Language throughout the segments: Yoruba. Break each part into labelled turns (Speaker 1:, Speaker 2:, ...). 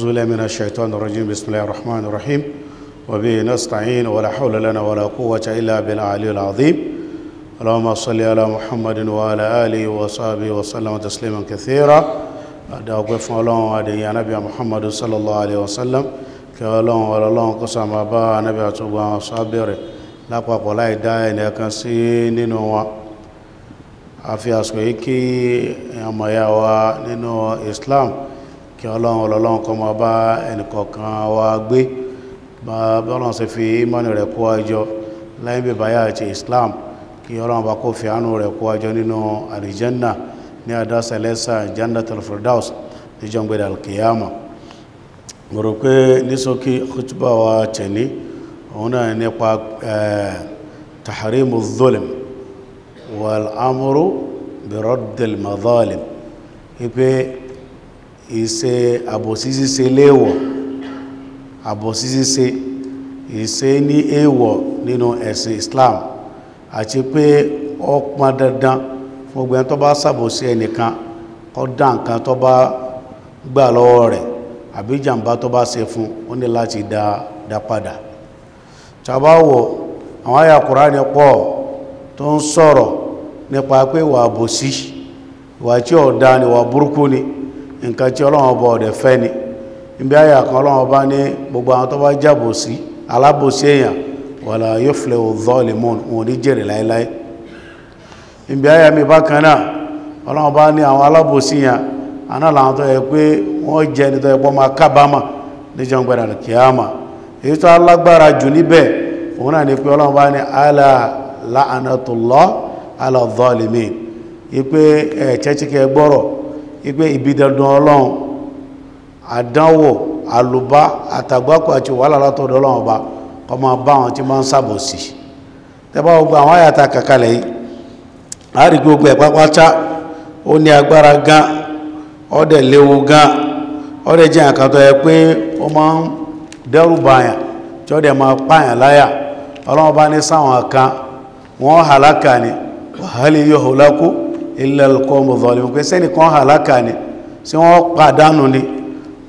Speaker 1: أعوذ بالله من الشيطان الرجيم بسم الله الرحمن الرحيم وبه نستعين ولا حول لنا ولا قوة إلا بالعلي العظيم اللهم صل على محمد وعلى آله وصحبه وسلم تسليما كثيرا أدعوك فلان أدعي نبي محمد صلى الله عليه وسلم كلام ولا لون قسم أبا نبي أتوبا صابر لا قوة لا إدعاء لكن سينين أفي أسكيكي أما يوا نينو إسلام kí ọlọ́run ọlọ́run kó máa bá ẹnìkọ̀ọ̀kan wa gbé bá bọ́lọ́n ṣe fi ìmánì rẹ̀ kó àjọ láyé bèbáyà àti islam kí ọlọ́run bá kó fi àánú rẹ̀ kó àjọ nínú àlìjẹ́nà ní adásẹ̀lẹ́sà jannatul firdaus níjọ́ gbẹ̀dẹ̀ alkiyama mo rò pé ní ṣókí khutbah wa tẹ̀lé òun náà nípa tahrimu zulm wal amru bi raddil madhalim ise abosisi se lewo abosisi se ise ni ewo ninu ese islam ati pe o pon dandan fun gbe to ba sabosi enikan ko da nkan to gba lowo re abi jamba to ba se fụ o lati da da pada tabawo awon aya qur'an po to n soro nipa pe wa abosi wa ti ni wa burukuni ni nǹkan tí ọlọ́run ọba ọ̀dẹ̀ fẹ́ ni kan ọlọ́run ọba ní gbogbo àwọn tó bá jábòsí alábòsí èèyàn wàlà yóò filẹ̀ òzọ́ọ̀lẹ́mọ̀n òun ní jèrè láéláé ibi àyà mi náà ọlọ́run ọba ní àwọn alábòsí yẹn àná làwọn tó yẹ pé wọ́n jẹ́ ẹni tó yẹ pọ́ máa kábàámà gbẹ̀rẹ̀ ni pé ọlọ́run ọba ní àlà àlà pé ipé ibi dandan ọlọ́run àdánwò àlùbá àtàgbákò àti wàhálà látọ̀dọ̀ ọlọ́run ọba kó bá àwọn tí máa ń ṣàbòsí tẹ́bá gbogbo àwọn àyàtà kàkàlẹ̀ yìí a rí gbogbo ẹ̀ pápátá ó ní agbára gan ó léwu gan ó dẹ̀ jẹ́ ẹ pé ó máa ń dẹ́rù tí máa láyà ọlọ́run illa al-qawmu zalimun pé sẹ́ni kan hàlákà ni sí wọ́n pàdánù ni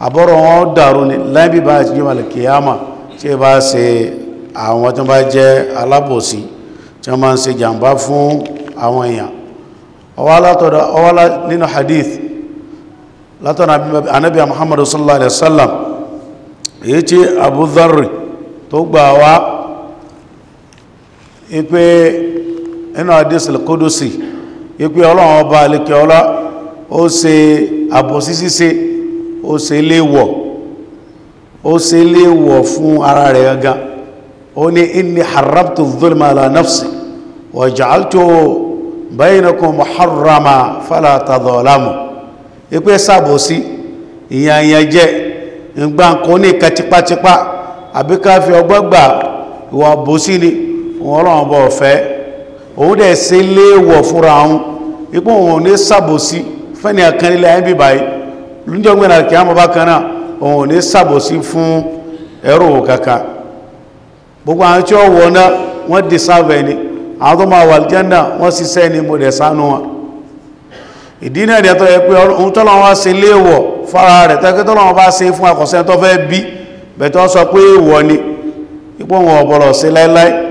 Speaker 1: àbọ̀rọ̀ wọn dàrú ni láìbí bá ti jẹ́ malẹ̀ kìyàmà tí ẹ bá ṣe àwọn tó bá jẹ́ alábòsí tí wọ́n máa ń ṣe jàǹbá fún àwọn èèyàn ọwọ́lá nínú hadith látọ̀nà anábì muhammadu sallallahu alaihi wasallam èyí tí Abu tó gbà wá ipé inú hadith al-Qudusi ipé ọlọ́run ọba alẹ́kẹ́ ọlá ó ṣe àbòsí ṣíṣe ó ṣe léèwọ̀ ó ṣe léèwọ̀ fún ara rẹ̀ gangan ó ní inni harabtu zulma ala nafsi wa ja'altu bainakum muharrama fala tadhalamu ipé sàbòsí ìyànyànjẹ́ ìgbà kò ní ìkà tipátipá àbíká fi ọgbọ́gbà ìwà àbòsí ni wọ́n ọlọ́run ọba ọ̀fẹ́ òun dẹ̀ ṣe léèwọ̀ fúnra òun ipò òun ní sàbòsí fẹ́ni àkànlẹ̀ ayébí báyìí lóúnjẹ́ ògbẹ̀nà kí á mọ̀ bá kan náà òun ní sàbòsí fún ẹrù kàkà gbogbo àwọn tí ó wọ̀ náà wọ́n dì sáfẹ́ ni àwọn tó máa wà jẹ́nà ni mo dẹ̀ sánú wọn ìdí náà dẹ̀ tó yẹ pé ohun tọ́lọ́ wọn ṣe fara rẹ̀ tẹ́kẹ́ tọ́lọ́ wọn bá fún fẹ́ bí bẹ̀tọ́ sọ pé ni ipò láíláí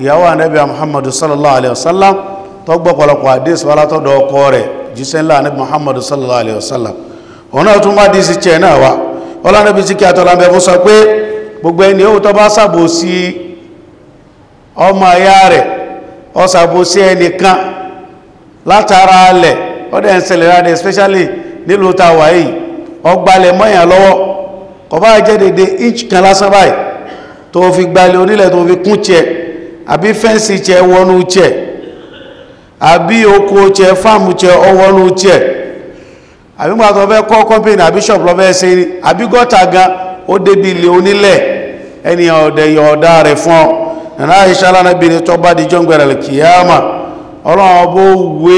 Speaker 1: ìyàwó ànábì muhammadu sallallahu alaihi wasallam tó gbọ́pọ̀lọpọ̀ àdísì wá látọ̀dọ̀ ọkọ rẹ̀ jíṣẹ́ ńlá ànábì muhammadu sallallahu alaihi wasallam òun náà tún máa dísì tiẹ̀ náà wá ọlọ́nàbí tí kí àtọ́lámbẹ̀ fún sọ pé gbogbo ẹni ó tó bá sàbò sí ọmọ ayá rẹ̀ ó especially nílùú tàwà yìí ọgbàlẹ̀ mọ́yàn lọ́wọ́ kọ bá jẹ́ dédé inch kan lásán báyìí tó fi gbalẹ̀ onílẹ̀ tó fi kún tiẹ̀ àbí fẹ́ǹsì chẹ wọnú chẹ àbí oko chẹ fáàmù chẹ ọwọ́nú chẹ àbí gbàtọ̀ fẹ́ kọ́ kọ́mpìnì àbí ni àbí gọ́ta ó débi ilé onílẹ̀ ọ̀dẹ̀ ọ̀dá rẹ̀ ọ tó bá di jọ́ngbẹ̀rẹ̀ ọlọ́run ọbọ̀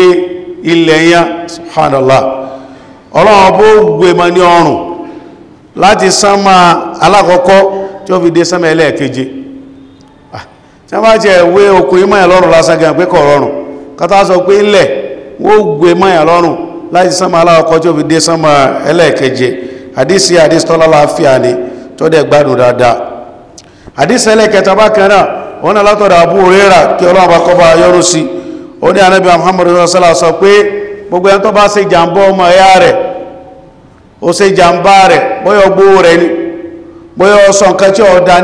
Speaker 1: ilẹ̀ yẹn subhanallah ọlọ́run ọbọ̀ ma ní ọrùn láti sánmà alákọ̀ọ́kọ́ tí ó fi dé tí wọ́n bá jẹ́ ìwé okùn ìmọ̀ ẹ̀lọ́rùn lásán gan pé kọ̀ rọrùn kátà sọ pé ilẹ̀ wọ́n gbé mọ́ ẹ̀lọ́rùn láti sánmà aláwọ̀kọ́ tí ó fi dé sánmà ẹlẹ́ẹ̀keje àdísí àdísí tọ́lá láàfíà ni tó dẹ̀ gbádùn dáadáa àdísí ẹlẹ́ẹ̀kẹta bákan náà wọ́n náà látọ̀dọ̀ Abu Hurairah kí ọlọ́run bá kọ́ba yọrù sí ó ní anábì Muhammadu sallallahu sọ pé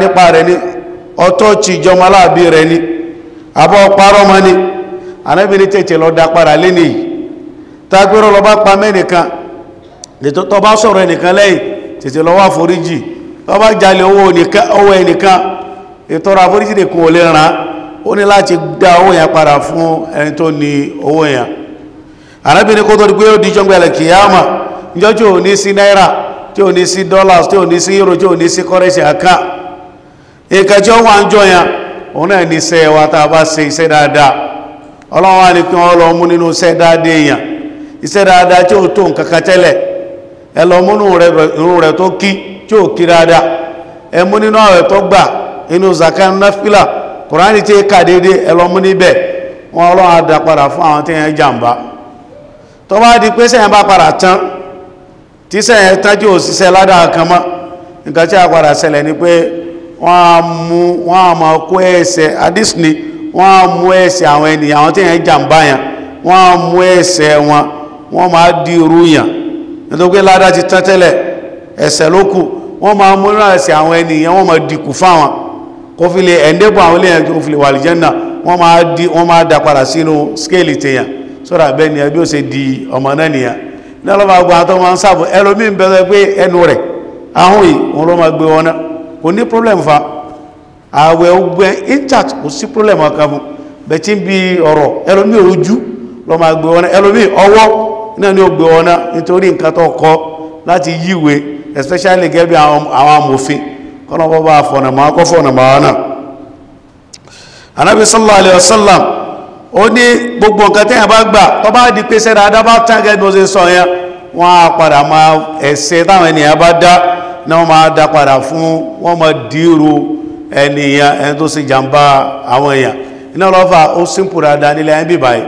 Speaker 1: ni ọtọ́ọ̀tì ìjọmọ aláàbí rẹ ni àbọ́ parọ́ mọ́ ni anábìnrin tètè lọ padà lé nìyí tágbérò lọ bá pa mẹ́nìkan tó bá sọ̀rọ̀ ẹnìkan foríjì jalè owó ẹnìkan ìtọrọ àforíjì nìkan ò lè ràn ó ní láti dá owó yẹn fún ẹni tó ní owó yẹn kó di pé ó tí ò ní sí náírà tí ò ní sí dọ́là tí ò ní sí euro nǹkan tí ó wà òun náà ní iṣẹ́ a bá ṣe iṣẹ́ dáadáa ọlọ́run ní kí wọ́n lọ mú nínú iṣẹ́ dáadáa èèyàn iṣẹ́ dáadáa tí ó tó nǹkan tẹ́lẹ̀ ẹ lọ mú irun rẹ̀ tó kí tí ó kí dáadáa ẹ mú nínú tó gbà inú nafila kùránì tí ẹ lọ mú níbẹ̀ wọn dá padà fún àwọn tí yẹn jàǹbá tó bá di pé sẹ́yìn bá wọ́n a mú wọ́n a máa kó ẹsẹ̀ adísìní wọ́n á mú ẹsẹ̀ àwọn ènìyàn àwọn tí èèyàn jàǹbá yàn wọ́n wọn wọ́n máa di irú yàn nítorí ládá ti tán tẹ́lẹ̀ ẹsẹ̀ ló kù wọ́n máa mú àwọn ènìyàn wọ́n máa fáwọn kó fi lè di wọ́n máa da padà sínú skéèlì tèèyàn sọ́dà bẹ́ẹ̀ ni ẹbí ó ṣe di ọmọ náà nìyàn ní ọlọ́mọ àgbà tó máa ń ẹlòmíì pé ẹnu rẹ̀ yìí ló kò ní problem fa ààwẹ̀ ogbẹ́ inchat kò sí problem ọkàn fún bẹ̀ ń bi ọ̀rọ̀ ẹlòmí ojú lọ máa gbé ọ̀nà ẹlòmí ọwọ́ náà ní ogbé ọ̀nà nítorí nǹkan tó láti yíwe especially gẹ́gẹ́ bí àwọn amòfin kọ́nà bọ́ bá fọ̀nà máa kọ́ fọ̀nà máa náà anabi sallallahu alaihi wasallam ó ní gbogbo nǹkan tẹ́yàn bá gbà tó bá di pé sẹ́dá adá bá tán gẹ́gẹ́ bí ó ṣe sọ yẹn wọ́n á padà máa táwọn ènìyàn náà wọ́n máa dá padà fún wọ́n máa dírò ẹniyàn ẹni tó sì jàmbá àwọn èèyàn iná lọ́fà ó símpù rádá nílẹ̀ ẹ̀bí báyìí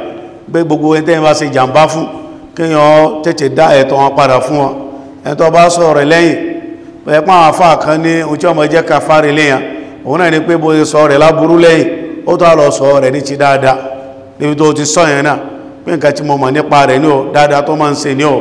Speaker 1: gbogbo ẹni tẹ́yìn bá sì jàmbá fún kíyàn tẹ́tẹ̀ dá ẹ̀tọ́ wọn padà fún wọn ẹni tó bá ni sọ rẹ̀ lẹ́yìn ó tó àlọ́ sọ o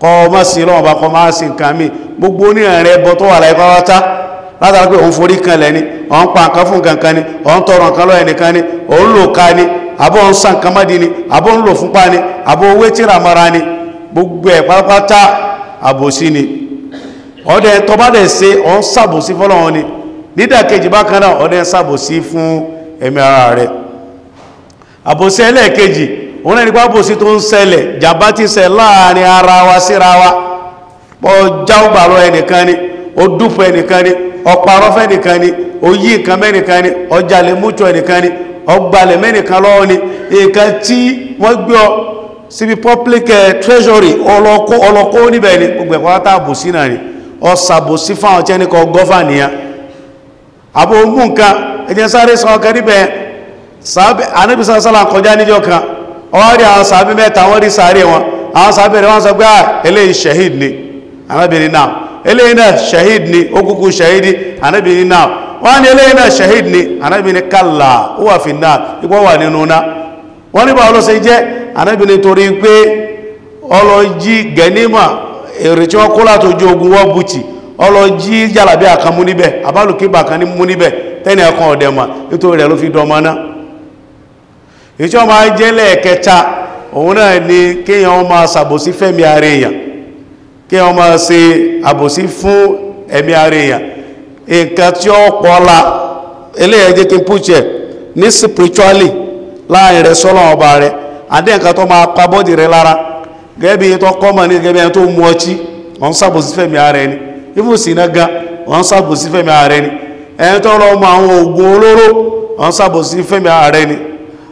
Speaker 1: kọmọ́ sí lọ́wọ́ bá kọmọ́ sí nǹkan mi gbogbo ní ẹbọ tó wà láìpá wátá pé òun forí kan lẹ́ni òun pa nǹkan fún nǹkan ni òun tọrọ nǹkan ni òun lò ká ni àbọ̀ òun sàn kan mọ́dí ni àbọ̀ òun lò ni àbọ̀ owó mara ni gbogbo ẹ̀ pátápátá àbòsí ni ọdẹ tó bá dẹ̀ ṣe òun sàbòsí ni náà ọdẹ sàbòsí fún ẹ̀mí ara rẹ̀ àbòsí ẹlẹ́ẹ̀kejì òun náà nípa bòsí tó ń ṣẹlẹ̀ jàbá ti ṣẹ láàrin ara wa síra wa pọ̀ jáùbàrọ̀ ẹnìkan ni ó dúpọ̀ ẹnìkan ni ọ̀parọ́ fẹ́nìkan ni ó yí nǹkan mẹ́nìkan ni ọjàlẹ̀ mútu ẹnìkan ni ọgbàlẹ̀ mẹ́nìkan public eh, treasury ọlọ́kọ́ ọlọ́kọ́ níbẹ̀ ni gbogbo ẹ̀kọ́ látà bòsí náà ni ọ̀sàbòsí fáwọn tí ẹnìkan gọ́fà nìyà àbò mú nǹkan ẹ̀jẹ̀ sáré sọ ọkàn níbẹ̀ anábìsà sálà kọjá níjọ kan ọwọ́ rí àwọn sàábí mẹ́ta wọ́n rí sàárè wọn àwọn sàábí rẹ̀ wọ́n sọ pé ah, eléyìí shahid ni anábìnrin náà eléyìí náà shahid ni ó kúkú shahidi anábìnrin náà wọ́n ní eléyìí náà shahid ni anábìnrin kàlà ó wà fi náà ipò wà nínú náà wọ́n ní báwọn lọ́sẹ̀ jẹ́ anábìnrin torí pé ọlọ́jí gẹ̀nímà èrè tí wọ́n kó látòjú ogun wọ́n bùtì ọlọ́jí àkàmú níbẹ̀ kan ní mú níbẹ̀ ẹ̀kan ọ̀dẹ̀mà nítorí rẹ̀ ló fi dọmọ náà èyí tí wọ́n máa jẹ́ lẹ́ẹ̀kẹta òun náà ni kéèyàn máa ṣàbòsí fẹ́mi ara èèyàn kéèyàn máa ṣe àbòsí fún ẹ̀mí ara èèyàn nǹkan tí ó pọ́la eléyẹ̀ jẹ́ kí n púchẹ̀ ní spiritually láàrin rẹ̀ sọ́lọ́ ọba rẹ̀ àdé nǹkan tó máa pa bọ́dì rẹ̀ lára gẹ́gẹ́ bí tó kọ́mọ̀ ní gẹ́gẹ́ bí tó mú ọtí wọ́n ṣàbòsí fẹ́mi ara ẹni ibùsìn náà gan wọ́n ṣàbòsí fẹ́mi ara ẹni ẹni tó lọ mọ àwọn oògùn olóró wọ́n ṣàbòsí fẹ́mi ara ẹni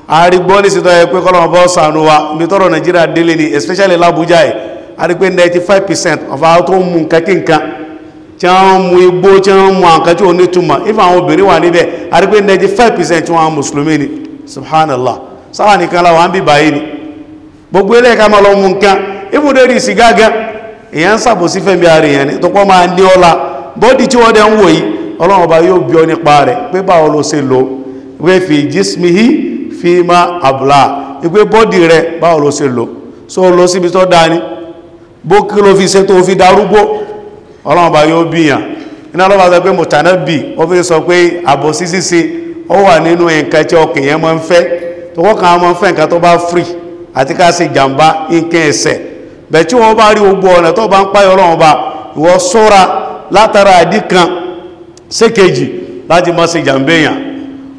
Speaker 1: àrígbọ́ ní sítọ́ ẹ pé kọ́lọ̀mọ̀ bọ́ sànú wa bí tọ́rọ Nàìjíríà délé ni especially l'Abuja ẹ̀ a rí pé 95% of our tó mú nǹkan kí nǹkan tí wọ́n mú igbó tí wọ́n mú àǹkan tí ó ní túmọ̀ if àwọn obìnrin wà níbẹ̀ a rí pé 95% tí wọ́n mùsùlùmí ni subhanallah sáwà nìkan láwà ń bí báyìí ni gbogbo ilé ẹ̀ka máa lọ mú nǹkan ibùdó rí sí gágá èèyàn ń sàbòsí fẹ́mi ara èèyàn ni tọpọ́ máa ní ọlá bọ́dì tí wọ́n dẹ̀ ń wò yìí ọlọ́run ọba yóò bí ọ nípa rẹ̀ pé báwo ló ṣe lò wẹ́fì jismihi fíìmá abla ipé bọ́dì rẹ̀ báwo ló ṣe lò so lọ síbi tó dáa ní bó kí ló fi ṣe tó fi darúgbó ọlọ́run bá yóò bíyàn iná lọ́wọ́ sọ pé mùtánẹ́bì ó fi sọ pé àbò sísí se ó wà nínú nǹkan tí ọkàn yẹn mọ́ ń fẹ́ tọwọ́ kan mọ́ ń fẹ́ nǹkan tó bá free àti ká ṣe jàǹbá nǹkan ẹ̀sẹ̀ bẹ̀ tí wọ́n bá rí gbogbo ọ̀nà tó bá ń páyọ̀ ọlọ́run bá ìwọ sọ́ra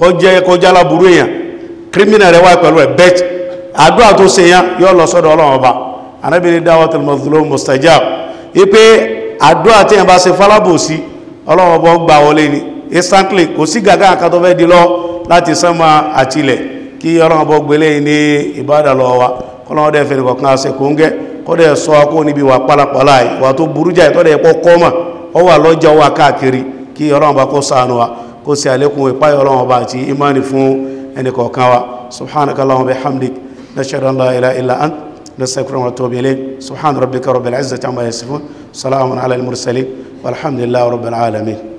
Speaker 1: kọjẹ́ kọjá láburú èèyàn kírímìnà rẹ̀ wá pẹ̀lú ẹ̀ bẹ́t àdúrà tó ṣe yán yóò lọ sọ́dọ̀ ọlọ́run ọba anábìnrin dáwọ́tẹ̀ mọ̀tòló mustajab wípé àdúrà tí yẹn bá ṣe falábòsí ọlọ́run ọba gbà wọlé ni instantly kò sí gàgá àkàtọ́ fẹ́ di lọ láti sánmà àtilẹ̀ kí ọlọ́run ọba gbélé ní ìbádà lọ wa kọ́lọ́run dẹ̀ fẹ́ni kọ̀ọ̀kan ṣe kò ń gẹ́ kọ́dẹ̀ sọ akó níbi wà pálapàla ìwà tó burú jáì tọ́dẹ̀ ẹ̀kọ́ kọ́mà ọwà lọ́jà wà káàkiri kí ọlọ́run ọba kó ṣàánú wa ó sì àlékún ìpáyọ̀ ọlọ́run ọba àti imani fún ẹnì kọ̀ọ̀kan wa subhanaka allahumma bihamdik nashhadu an la ilaha illa ant nastaghfiruka wa natubu ilayk subhan rabbika rabbil izzati amma yasifun salamun ala al mursalin walhamdulillahi rabbil alamin